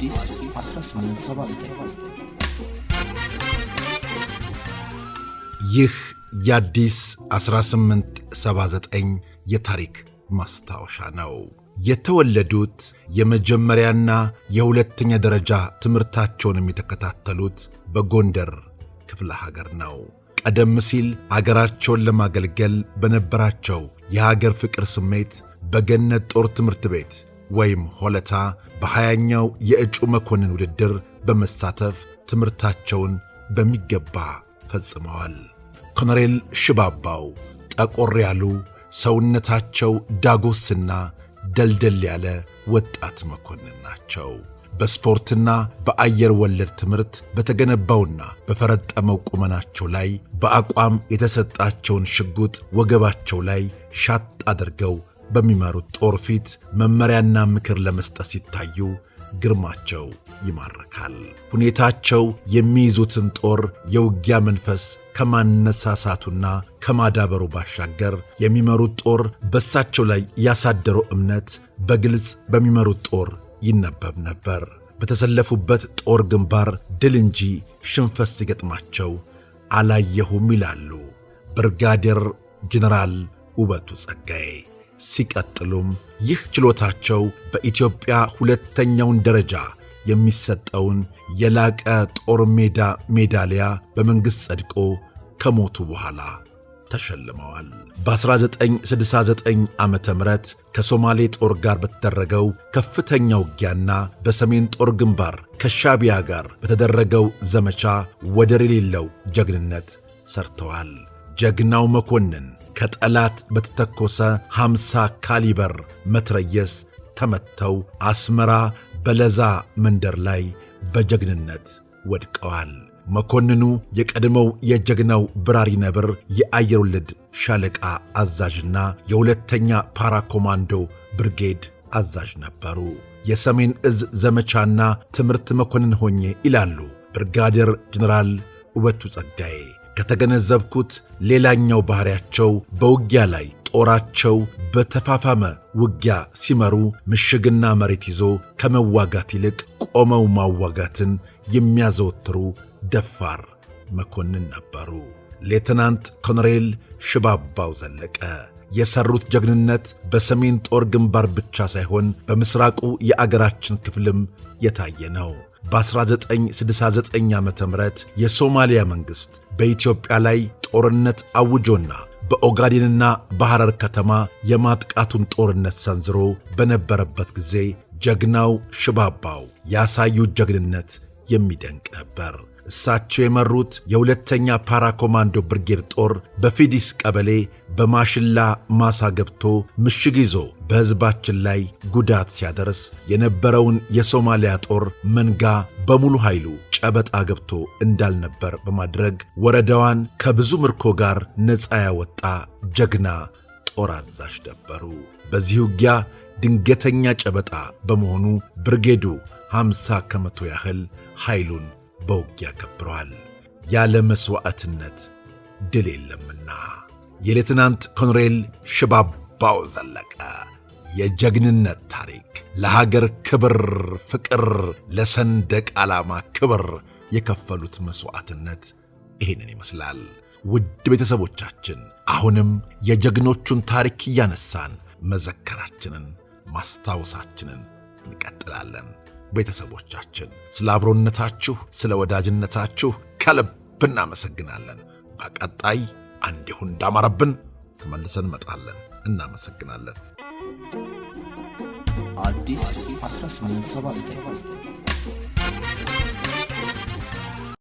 አዲስ 1879 ይህ የአዲስ 1879 የታሪክ ማስታወሻ ነው። የተወለዱት የመጀመሪያና የሁለተኛ ደረጃ ትምህርታቸውንም የተከታተሉት በጎንደር ክፍለ ሀገር ነው። ቀደም ሲል አገራቸውን ለማገልገል በነበራቸው የሀገር ፍቅር ስሜት በገነት ጦር ትምህርት ቤት ወይም ሆለታ በሀያኛው የእጩ መኮንን ውድድር በመሳተፍ ትምህርታቸውን በሚገባ ፈጽመዋል። ኮሎኔል ሽባባው ጠቆር ያሉ ሰውነታቸው ዳጎስና ደልደል ያለ ወጣት መኮንን ናቸው። በስፖርትና በአየር ወለድ ትምህርት በተገነባውና በፈረጠመው ቁመናቸው ላይ በአቋም የተሰጣቸውን ሽጉጥ ወገባቸው ላይ ሻጥ አድርገው በሚመሩት ጦር ፊት መመሪያና ምክር ለመስጠት ሲታዩ ግርማቸው ይማርካል። ሁኔታቸው የሚይዙትን ጦር የውጊያ መንፈስ ከማነሳሳቱና ከማዳበሩ ባሻገር የሚመሩት ጦር በእሳቸው ላይ ያሳደረው እምነት በግልጽ በሚመሩት ጦር ይነበብ ነበር። በተሰለፉበት ጦር ግንባር ድል እንጂ ሽንፈት ሲገጥማቸው አላየሁም ይላሉ ብርጋዴር ጀነራል ውበቱ ጸጋዬ። ሲቀጥሉም ይህ ችሎታቸው በኢትዮጵያ ሁለተኛውን ደረጃ የሚሰጠውን የላቀ ጦር ሜዳ ሜዳሊያ በመንግሥት ጸድቆ ከሞቱ በኋላ ተሸልመዋል። በ1969 ዓ ም ከሶማሌ ጦር ጋር በተደረገው ከፍተኛ ውጊያና በሰሜን ጦር ግንባር ከሻቢያ ጋር በተደረገው ዘመቻ ወደር የሌለው ጀግንነት ሰርተዋል። ጀግናው መኮንን ከጠላት በተተኮሰ ሐምሳ ካሊበር መትረየስ ተመተው አስመራ በለዛ መንደር ላይ በጀግንነት ወድቀዋል። መኮንኑ የቀድሞው የጀግናው ብራሪ ነብር የአየር ወለድ ሻለቃ አዛዥና የሁለተኛ ፓራ ኮማንዶ ብርጌድ አዛዥ ነበሩ። የሰሜን እዝ ዘመቻና ትምህርት መኮንን ሆኜ ይላሉ ብርጋዴር ጀነራል ውበቱ ጸጋዬ ከተገነዘብኩት ሌላኛው ባሕሪያቸው በውጊያ ላይ ጦራቸው በተፋፋመ ውጊያ ሲመሩ ምሽግና መሬት ይዞ ከመዋጋት ይልቅ ቆመው ማዋጋትን የሚያዘወትሩ ደፋር መኮንን ነበሩ። ሌተናንት ኮሎኔል ሽባባው ዘለቀ የሰሩት ጀግንነት በሰሜን ጦር ግንባር ብቻ ሳይሆን በምስራቁ የአገራችን ክፍልም የታየ ነው። በ1969 ዓ ም የሶማሊያ መንግሥት በኢትዮጵያ ላይ ጦርነት አውጆና በኦጋዴንና በሐረር ከተማ የማጥቃቱን ጦርነት ሰንዝሮ በነበረበት ጊዜ ጀግናው ሽባባው ያሳዩት ጀግንነት የሚደንቅ ነበር። እሳቸው የመሩት የሁለተኛ ፓራ ኮማንዶ ብርጌድ ጦር በፊዲስ ቀበሌ በማሽላ ማሳ ገብቶ ምሽግ ይዞ በሕዝባችን ላይ ጉዳት ሲያደርስ የነበረውን የሶማሊያ ጦር መንጋ በሙሉ ኃይሉ ጨበጣ ገብቶ እንዳልነበር በማድረግ ወረዳዋን ከብዙ ምርኮ ጋር ነፃ ያወጣ ጀግና ጦር አዛዥ ነበሩ። በዚህ ውጊያ ድንገተኛ ጨበጣ በመሆኑ ብርጌዱ 50 ከመቶ ያህል ኃይሉን በውጊያ ገብረዋል። ያለ መሥዋዕትነት ድል የለምና። የሌትናንት ኮሎኔል ሽባባው ዘለቀ የጀግንነት ታሪክ ለሀገር ክብር ፍቅር፣ ለሰንደቅ ዓላማ ክብር የከፈሉት መሥዋዕትነት ይህንን ይመስላል። ውድ ቤተሰቦቻችን አሁንም የጀግኖቹን ታሪክ እያነሳን መዘከራችንን ማስታወሳችንን እንቀጥላለን። ቤተሰቦቻችን፣ ስለ አብሮነታችሁ፣ ስለ ወዳጅነታችሁ ከልብ እናመሰግናለን። በቀጣይ አንዲሁ እንዳማረብን ተመልሰን እንመጣለን። እናመሰግናለን። አዲስ 1879